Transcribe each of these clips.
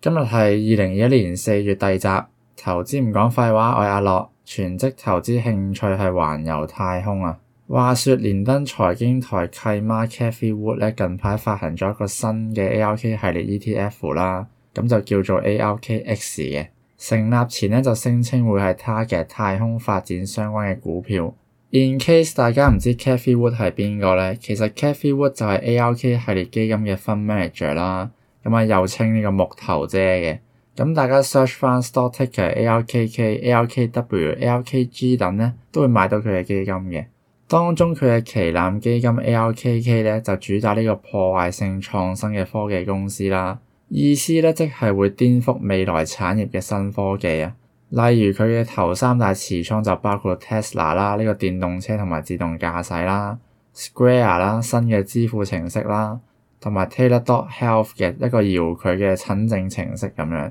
今日係二零二一年四月第二集，投資唔講廢話，我係阿樂，全職投資，興趣係環遊太空啊！話說連登財經台契媽 Cathy Wood 咧，近排發行咗一個新嘅 ARK 系列 ETF 啦，咁就叫做 ARKX 嘅。成立前咧就聲稱會 target 嘅太空發展相關嘅股票。In case 大家唔知 Cathy Wood 係邊個咧，其實 Cathy Wood 就係 ARK 系列基金嘅 fund manager 啦。咁啊，又稱呢個木頭姐嘅，咁大家 search 翻 stock ticker ARKK、ARKW、ARKG 等咧，都會買到佢嘅基金嘅。當中佢嘅旗艦基金 ARKK 咧，就主打呢個破壞性創新嘅科技公司啦。意思咧，即係會顛覆未來產業嘅新科技啊。例如佢嘅頭三大持倉就包括 Tesla 啦，呢個電動車同埋自動駕駛啦，Square 啦，新嘅支付程式啦。同埋 Teladoc Health 嘅一個遙距嘅診症程式咁樣。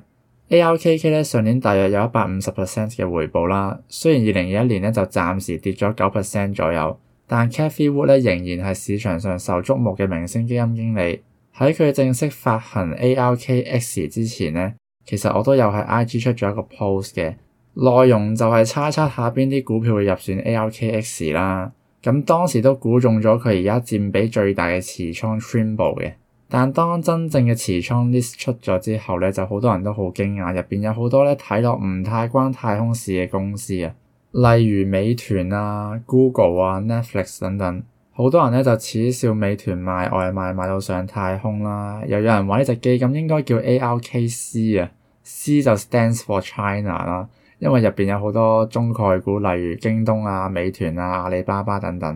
ARKK 咧，上年大約有一百五十 percent 嘅回報啦。雖然二零二一年咧，就暫時跌咗九 percent 左右，但 Cathie Wood 咧，仍然係市場上受注目嘅明星基金經理。喺佢正式發行 ARKX 之前咧，其實我都有喺 IG 出咗一個 post 嘅內容，就係猜一下邊啲股票會入選 ARKX 啦。咁當時都估中咗佢而家佔比最大嘅持倉 Trimble 嘅，但當真正嘅持倉 list 出咗之後咧，就好多人都好驚訝，入邊有好多咧睇落唔太關太空事嘅公司啊，例如美團啊、Google 啊、Netflix 等等，好多人咧就恥笑美團賣外賣賣到上太空啦，又有人話呢隻機咁應該叫 ARKC 啊，C 就 stands for China 啦。因為入邊有好多中概股，例如京東啊、美團啊、阿里巴巴等等。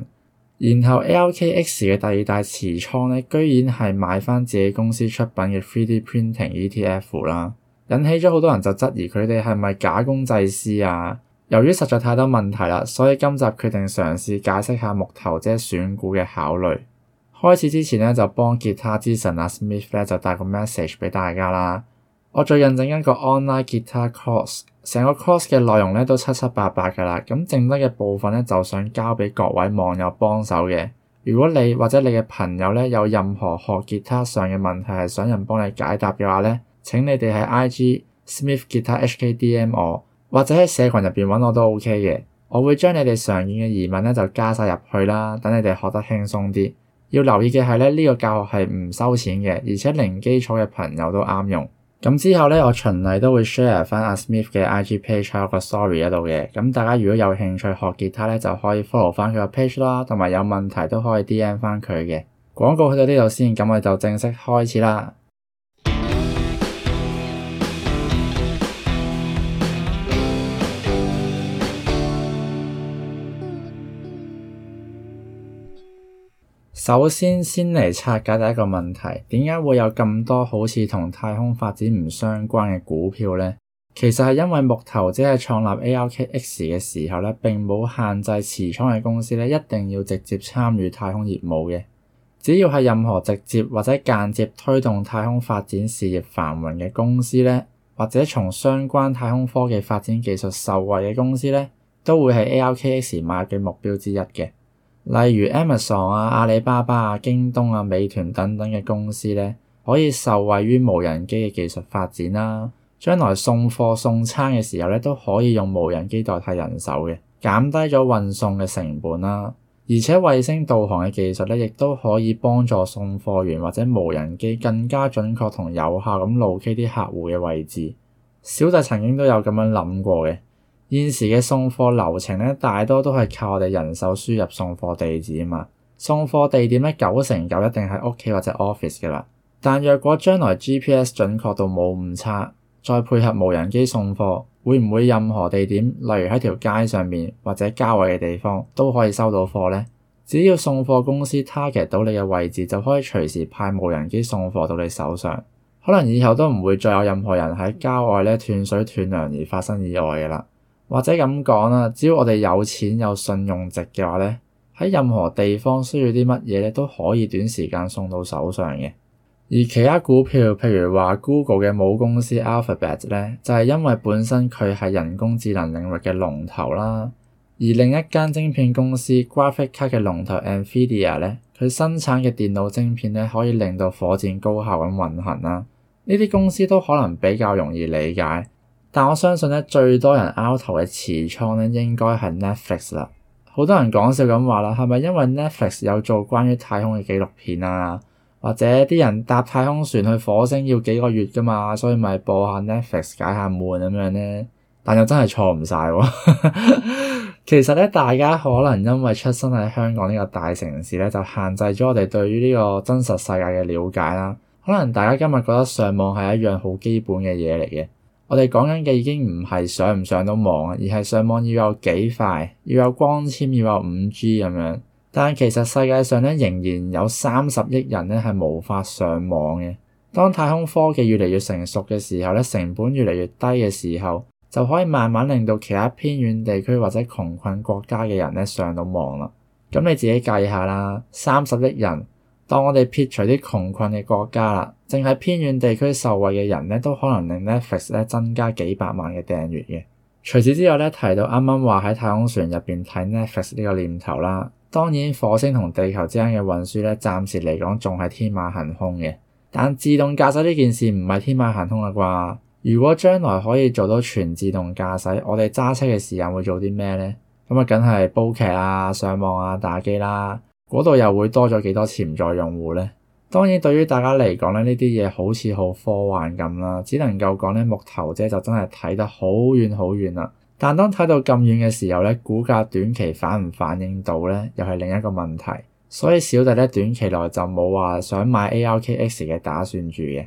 然後 ARKX 嘅第二大持倉咧，居然係買翻自己公司出品嘅 3D printing ETF 啦，引起咗好多人就質疑佢哋係咪假公濟私啊？由於實在太多問題啦，所以今集決定嘗試解釋下木頭姐選股嘅考慮。開始之前咧，就幫吉他之神阿、啊、Smith 咧，就帶個 message 俾大家啦。我最近整一個 online guitar course，成個 course 嘅內容咧都七七八八噶啦。咁剩低嘅部分咧，就想交俾各位網友幫手嘅。如果你或者你嘅朋友咧有任何學吉他上嘅問題，係想人幫你解答嘅話咧，請你哋喺 I G Smith Guitar H K D M 我，或者喺社群入邊揾我都 O K 嘅。我會將你哋常見嘅疑問咧就加晒入去啦，等你哋學得輕鬆啲。要留意嘅係咧，呢個教學係唔收錢嘅，而且零基礎嘅朋友都啱用。咁之後咧，我循例都會 share 翻阿 Smith 嘅 IG page 有一個 story 喺度嘅。咁大家如果有興趣學吉他咧，就可以 follow 翻佢個 page 啦，同埋有問題都可以 DM 翻佢嘅。廣告去到呢度先，咁我哋就正式開始啦。首先，先嚟拆解第一個問題，點解會有咁多好似同太空發展唔相關嘅股票咧？其實，係因為木頭姐係創立 ARKX 嘅時候咧，並冇限制持倉嘅公司咧，一定要直接參與太空業務嘅。只要係任何直接或者間接推動太空發展事業繁榮嘅公司咧，或者從相關太空科技發展技術受惠嘅公司咧，都會係 ARKX 買嘅目標之一嘅。例如 Amazon 啊、阿里巴巴啊、京東啊、美團等等嘅公司咧，可以受惠於無人機嘅技術發展啦、啊。將來送貨送餐嘅時候咧，都可以用無人機代替人手嘅，減低咗運送嘅成本啦、啊。而且衛星導航嘅技術咧，亦都可以幫助送貨員或者無人機更加準確同有效咁 locate 啲客戶嘅位置。小弟曾經都有咁樣諗過嘅。現時嘅送貨流程咧，大多都係靠我哋人手輸入送貨地址啊嘛。送貨地點咧，九成九一定喺屋企或者 office 噶啦。但若果將來 GPS 準確度冇誤差，再配合無人機送貨，會唔會任何地點，例如喺條街上面或者郊外嘅地方都可以收到貨呢？只要送貨公司 target 到你嘅位置，就可以隨時派無人機送貨到你手上。可能以後都唔會再有任何人喺郊外咧斷水斷糧而發生意外噶啦。或者咁講啦，只要我哋有錢有信用值嘅話咧，喺任何地方需要啲乜嘢咧，都可以短時間送到手上嘅。而其他股票，譬如話 Google 嘅母公司 Alphabet 咧，就係因為本身佢係人工智能領域嘅龍頭啦。而另一間晶片公司 Graphic 卡嘅龍頭 Nvidia 咧，佢生產嘅電腦晶片咧，可以令到火箭高效咁運行啦。呢啲公司都可能比較容易理解。但我相信咧，最多人 out 頭嘅持倉咧，應該係 Netflix 啦。好多人講笑咁話啦，係咪因為 Netflix 有做關於太空嘅紀錄片啊？或者啲人搭太空船去火星要幾個月㗎嘛，所以咪播下 Netflix 解下悶咁樣咧？但又真係錯唔晒。其實咧，大家可能因為出生喺香港呢個大城市咧，就限制咗我哋對於呢個真實世界嘅了解啦。可能大家今日覺得上網係一樣好基本嘅嘢嚟嘅。我哋講緊嘅已經唔係上唔上到網，而係上網要有幾快，要有光纖，要有五 G 咁樣。但係其實世界上咧仍然有三十億人咧係無法上網嘅。當太空科技越嚟越成熟嘅時候咧，成本越嚟越低嘅時候，就可以慢慢令到其他偏遠地區或者窮困國家嘅人咧上到網啦。咁你自己計下啦，三十億人。當我哋撇除啲窮困嘅國家啦，淨係偏遠地區受惠嘅人咧，都可能令 Netflix 咧增加幾百萬嘅訂閱嘅。除此之外咧，提到啱啱話喺太空船入邊睇 Netflix 呢個念頭啦，當然火星同地球之間嘅運輸咧，暫時嚟講仲係天馬行空嘅。但自動駕駛呢件事唔係天馬行空啦啩？如果將來可以做到全自動駕駛，我哋揸車嘅時間會做啲咩呢？咁啊，梗係煲劇啊、上網啊、打機啦。嗰度又會多咗幾多潛在用戶呢？當然，對於大家嚟講咧，呢啲嘢好似好科幻咁啦，只能夠講咧木頭姐就真係睇得好遠好遠啦。但當睇到咁遠嘅時候咧，股價短期反唔反應到咧，又係另一個問題。所以小弟咧短期內就冇話想買 ARKX 嘅打算住嘅。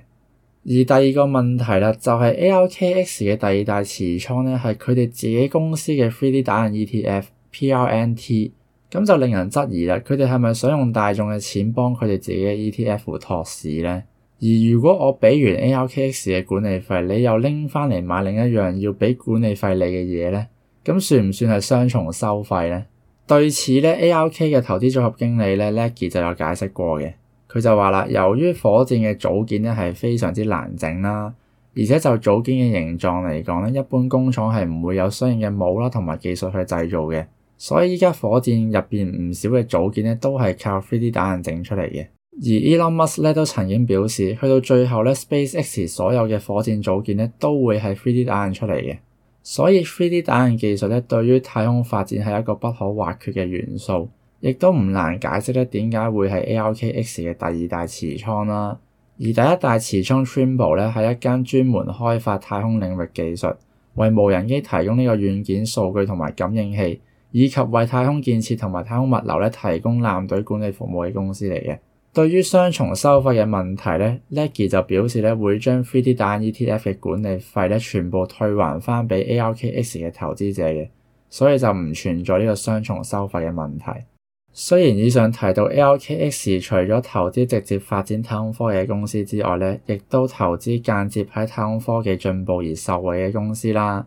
而第二個問題啦，就係、是、ARKX 嘅第二大持倉咧，係佢哋自己公司嘅 3D 打印 ETF PRNT。咁就令人質疑啦，佢哋係咪想用大眾嘅錢幫佢哋自己嘅 ETF 托市咧？而如果我畀完 ARKX 嘅管理費，你又拎翻嚟買另一樣要畀管理費你嘅嘢咧，咁算唔算係雙重收費咧？對此咧，ARK 嘅投資組合經理咧，Lucky 就有解釋過嘅。佢就話啦，由於火箭嘅組件咧係非常之難整啦，而且就組件嘅形狀嚟講咧，一般工廠係唔會有相應嘅模啦同埋技術去製造嘅。所以依家火箭入邊唔少嘅組件咧，都係靠三 D 打印整出嚟嘅。而 Elon Musk 咧都曾經表示，去到最後咧，Space X 所有嘅火箭組件咧都會係三 D 打印出嚟嘅。所以三 D 打印技術咧對於太空發展係一個不可或缺嘅元素，亦都唔難解釋咧點解會係 A R K X 嘅第二大磁艙啦。而第一大磁艙 Trimble 咧係一間專門開發太空領域技術，為無人機提供呢個軟件數據同埋感應器。以及為太空建設同埋太空物流咧提供艦隊管理服務嘅公司嚟嘅。對於雙重收費嘅問題咧，Lucky 就表示咧會將 3D 打印 ETF 嘅管理費咧全部退還翻俾 ARKX 嘅投資者嘅，所以就唔存在呢個雙重收費嘅問題。雖然以上提到 ARKX 除咗投資直接發展太空科技嘅公司之外咧，亦都投資間接喺太空科技進步而受惠嘅公司啦。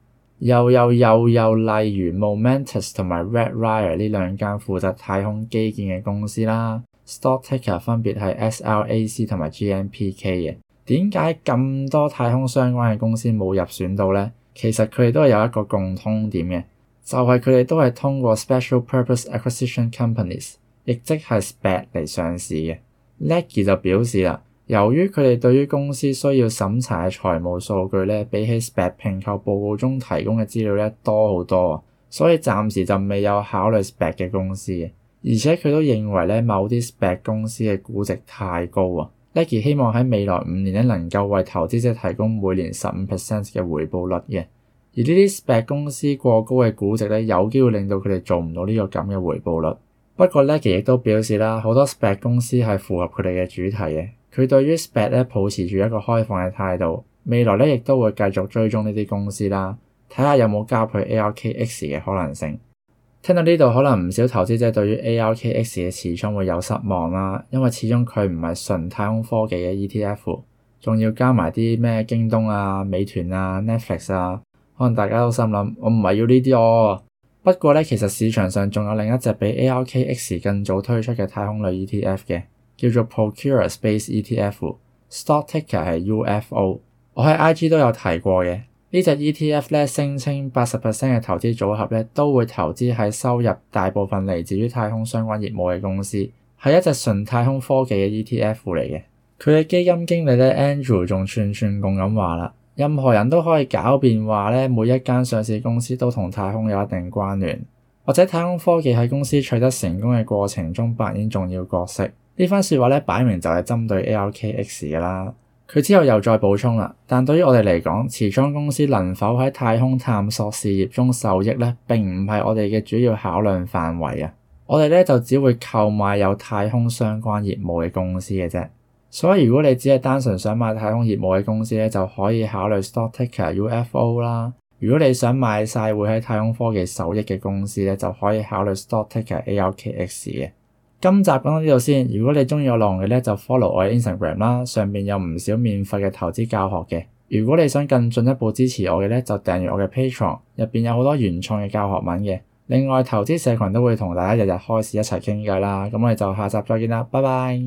又又又又例如 Momentus 同埋 Redwire 呢兩間負責太空基建嘅公司啦，Stock Ticker 分別係 SLAC 同埋 GNPK 嘅。點解咁多太空相關嘅公司冇入選到呢？其實佢哋都係有一個共通點嘅，就係佢哋都係通過 Special Purpose Acquisition Companies，亦即係 SPAC 嚟上市嘅。呢個就表示啦。由於佢哋對於公司需要審查嘅財務數據咧，比起 SPAC 併購報告中提供嘅資料咧多好多，所以暫時就未有考慮 SPAC 嘅公司。而且佢都認為咧，某啲 SPAC 公司嘅估值太高啊。l e k i 希望喺未來五年咧能夠為投資者提供每年十五 percent 嘅回報率嘅，而呢啲 SPAC 公司過高嘅估值咧，有機會令到佢哋做唔到呢個咁嘅回報率。不過 l e k i 亦都表示啦，好多 SPAC 公司係符合佢哋嘅主題嘅。佢對於 Space 咧保持住一個開放嘅態度，未來咧亦都會繼續追蹤呢啲公司啦，睇下有冇加入 ARKX 嘅可能性。聽到呢度，可能唔少投資者對於 ARKX 嘅持倉會有失望啦，因為始終佢唔係純太空科技嘅 ETF，仲要加埋啲咩京東啊、美團啊、Netflix 啊，可能大家都心諗我唔係要呢啲哦。不過咧，其實市場上仲有另一隻比 ARKX 更早推出嘅太空類 ETF 嘅。叫做 Procure Space ETF，Stock Ticker 係 UFO。我喺 IG 都有提過嘅呢隻 ETF 咧，聲稱八十 percent 嘅投資組合咧都會投資喺收入大部分嚟自於太空相關業務嘅公司，係一隻純太空科技嘅 ETF 嚟嘅。佢嘅基金經理咧 Andrew 仲串串共咁話啦，任何人都可以狡辯話咧，每一間上市公司都同太空有一定關聯，或者太空科技喺公司取得成功嘅過程中扮演重要角色。番呢番説話咧，擺明就係針對 ARKX 嘅啦。佢之後又再補充啦。但對於我哋嚟講，持倉公司能否喺太空探索事業中受益咧？並唔係我哋嘅主要考量範圍啊。我哋咧就只會購買有太空相關業務嘅公司嘅啫。所以如果你只係單純想買太空業務嘅公司咧，就可以考慮 Stock Ticker UFO 啦。如果你想買晒會喺太空科技受益嘅公司咧，就可以考慮 Stock Ticker ARKX 嘅。今集講到呢度先。如果你中意我嘅浪嘅咧，就 follow 我嘅 Instagram 啦，上邊有唔少免費嘅投資教學嘅。如果你想更進一步支持我嘅咧，就訂閱我嘅 Patreon，入邊有好多原創嘅教學文嘅。另外投資社群都會同大家日日開市一齊傾偈啦。咁我哋就下集再見啦，拜拜。